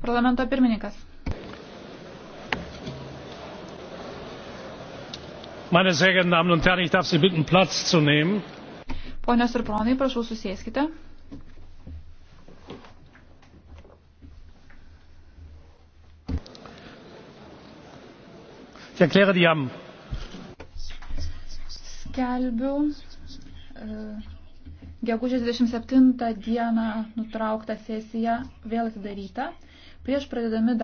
Parlamento pirmininkas. Meine sehr geehrten Damen und Herren, ich darf Sie bitten, Platz zu nehmen. Ponios ir ponai, prašau susėskite. Ich erkläre die am. Skelbiu. Äh, Gegužės 27 dieną nutraukta sesija vėl atidaryta. Prieš pradedami